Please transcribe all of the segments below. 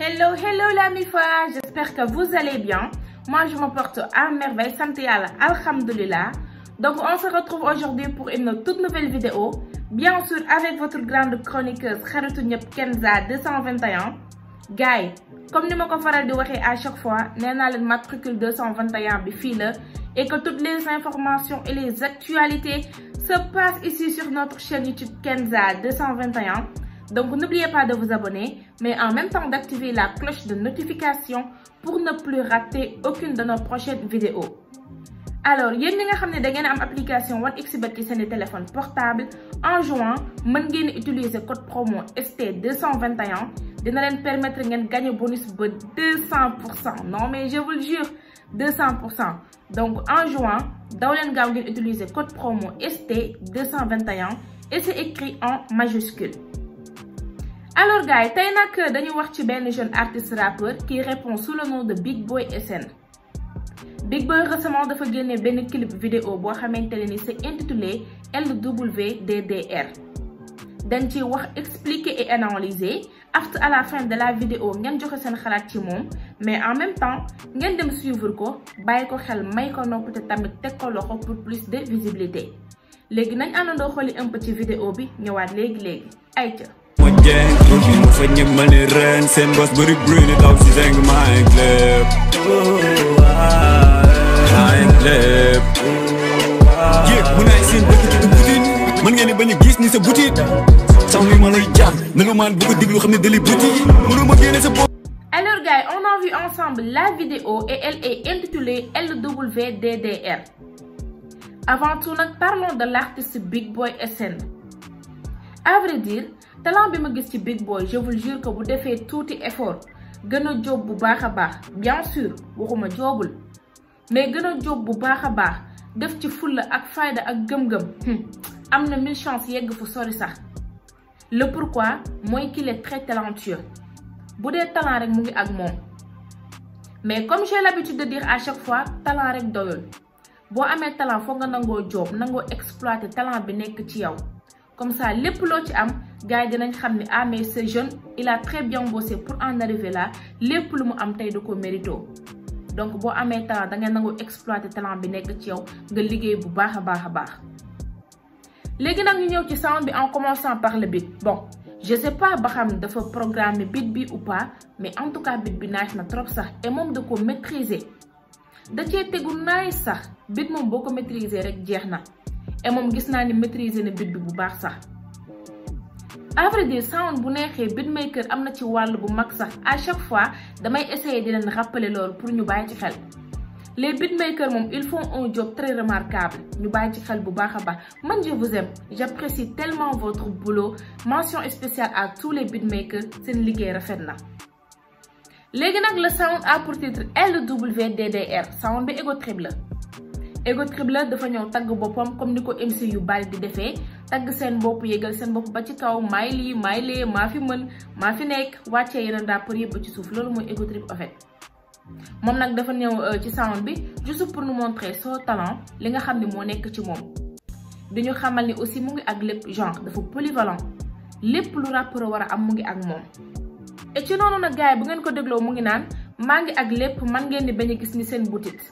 Hello, hello la mi j'espère que vous allez bien. Moi, je me à merveille, santé à alhamdulillah. Donc, on se retrouve aujourd'hui pour une toute nouvelle vidéo. Bien sûr, avec votre grande chroniqueuse Kenza 221. Guy, comme nous m'avons fait à chaque fois, nous avons le matricule 221 bifile et que toutes les informations et les actualités se passent ici sur notre chaîne YouTube Kenza 221. Donc n'oubliez pas de vous abonner, mais en même temps d'activer la cloche de notification pour ne plus rater aucune de nos prochaines vidéos. alors si y nga une vous application OneXBet qui sur téléphone portable en juin vous pouvez utiliser code promo ST221 va vous permettre de gagner bonus de 200 non mais je vous le jure 200 donc en juin vous pouvez utiliser le code promo ST221 et c'est écrit en majuscule alors gars yi tey nag euh, dañu wax ci benn jeune artiste rappeur qui répond sous le nom de Big Boy SN Big Boy récemment dafa génne benn clip vidéo boo xamante ne ni c'est intitulé LWDDR dañ ciy wax expliquer et analyser après à la fin de la vidéo ngeen joxe seen xalaat ci moom mais en même temps ngeen dem suivre ko bàyyi ko xel may ko nopp te tamit teg ko loxo pour plus de visibilité léegi nañ àndandoo xooli un petit vidéo bi ñëwaat léegi léegi ayca gang Looking mo fa ñëpp ma ne ren seen bos bari bruit ni daw si seng maay club maay club yéeg mu naay seen dëkk ci du butit mën ngeen ni bañ gis ni sa butit sax mi ma lay jàpp na nga maan bu ko déglu xam ne dali butit mënu ma génne sa bopp Alors guys, on a vu ensemble la vidéo et elle est intitulée LWDDR. Avant tout, nous parlons de l'artiste Big Boy SN. À vrai dire, talent bi ma gis ci big boy je vous jure que bu defee tuuti effort gën a jóob bu baax a baax bien sûr waxuma joobul mais gën a jóob bu baax a baax def ci fulla ak fayda ak gëm-gëm hmm, am na mille chance yegg fu sori sax le pourquoi mooy kile est très talentueux bu dee talent rek mu ngi ak moom mais comme j'ai bi ci dire à chaque fois talent rek doyul boo amee talent foog nga nangoo job nangoo exploiter talent bi nekk ci yow comme ça lépp loo ci am gars dinañ xamni ah mais ce jeune il a très bien bossé pour en arriver là lepp lu mu am tay dako mérito donc bo amé talent da ngay nangu exploiter talent bi nekk ci yow nga liggéey bu baaxa baaxa baax légui nak ñu ñëw ci sound bi en commençant par le beat bon je sais pas ba dafa programmer beat bi ou pas mais en tout cas beat bi nice na trop sax et mom dako maîtriser da ci téggu nice sax beat mom boko maîtriser rek jeexna et mom gis naa ni maîtriser na beat bi bu baax sax. A vrai dire sound bu neexee beatmaker amna ci bu mag sax à chaque fois damay essayer de leen rappeler leur pour ñu bàyyi ci xel les beatmakers mom ils font un job très remarquable ñu bàyyi ci xel bu baaxa ba man je vous aime j'apprécie tellement votre boulot mention spéciale à tous les beatmakers seen liguey rafet na léegi le sound a pour titre LWDDR sound bi Ego Trip Ego Trip la dafa ñëw tag boppam comme niko MC yu bari di tagg seen bopp yëgal seen bopp ba ci kaw maay lii maay lee maa fi mën maa fi nekk wàccee yeneen rapport yëpp ba ci suuf loolu mooy ego trip moom nag dafa ñëw euh, ci sound bi juste pour nu montrer soo talent li nga xam ne moo nekk ci moom dañu xamal ni aussi mu ngi ak lépp genre dafa polyvalent lépp lu rappeur war a am mu ngi ak moom et ci noonu nag gars yi bu ngeen ko dégloo mu ngi naan maa ngi ak lépp man ngeen di bañ gis ni seen boutique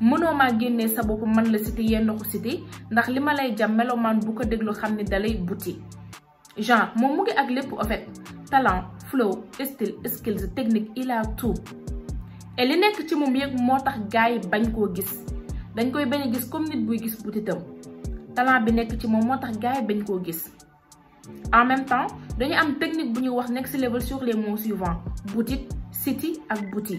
Mounou ma gen ne sabou pou man le siti yen nou kou siti Ndak li malaye djam melou man bouke deg lou kham ne dalaye bouti Jan, moun mouge agle pou avet Talan, flow, estil, skills, teknik, ila, tou E le nek ki ti moun mwen mwantak gaye bany kou gis Dany kouy bany gis kom nit bwi gis bouti tem Talan be nek ki ti moun mwantak gaye bany kou gis An menm tan, denye am teknik pou ny wak nek se level sur le moun suivant Bouti, siti ak bouti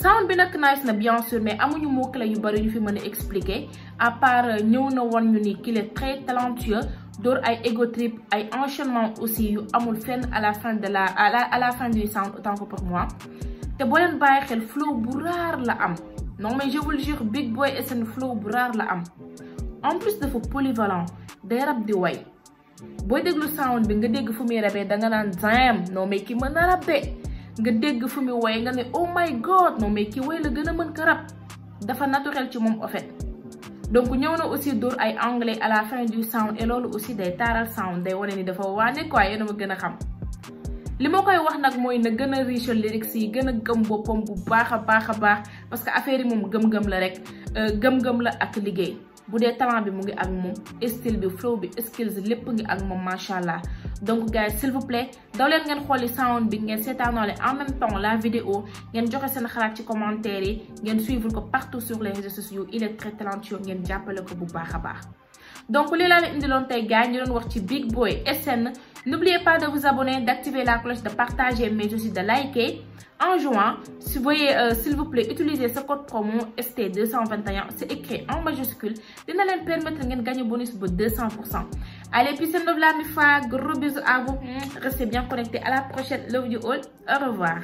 sound bi nak nice na bien sûr mais amuñu mots clés yu bari ñu fi mën expliquer à part euh, ñëw na woon ñu ni qu'il est très talentueux d'or ay ego trip ay enchaînement aussi yu amul fenn à la fin de la à la à la fin du sound autant que pour moi té bo len baye xel flow bu rare la am non mais je vous le jure Big Boy un flow bu rare la am en plus de fou polyvalent day rap di way boy déglu sound bi nga dégg fu muy rabee da nga nan zam non mais ki mëna na nga dégg fu muy woy nga ne oh my god moom mais ki woy la gën a mën ko rap dafa naturel ci moom en fait donc ñëw na aussi dóor ay anglais à la fin du sound et loolu aussi day taaral sound day wane ni dafa waa quoi yéen a ma gën a xam li ma koy wax nag mooy na gën a riche lyrics yi gën a gëm boppam bu baax a baax a baax parce que affaire yi moom gëm-gëm la rek euh, gëm-gëm la ak liggéey bu dee talent bi mu ngi ak moom style bi flow bi skills lépp ngi ak moom macha allah donc gars s'il vous plaît daw ngeen xooli sound bi ngeen seetaanoole en même temps la vidéo ngeen joxe seen xalaat ci commentaire yi ngeen suivre ko partout sur les réseaux sociaux il est ngeen jàppale ko bu baax a baax donc lii laa leen indiloon tey gars ñu doon wax ci Big Boy SN N'oubliez pas de vous abonner, d'activer la cloche, de partager, mais aussi de liker. En juin, si euh, s'il vous plaît, utilisez ce code promo ST221. C'est écrit en majuscule. Vous allez permettre de gagner bonus de 200%. Allez, puis c'est la mi Gros bisous à vous. Restez bien connectés. À la prochaine Love You All. Au revoir.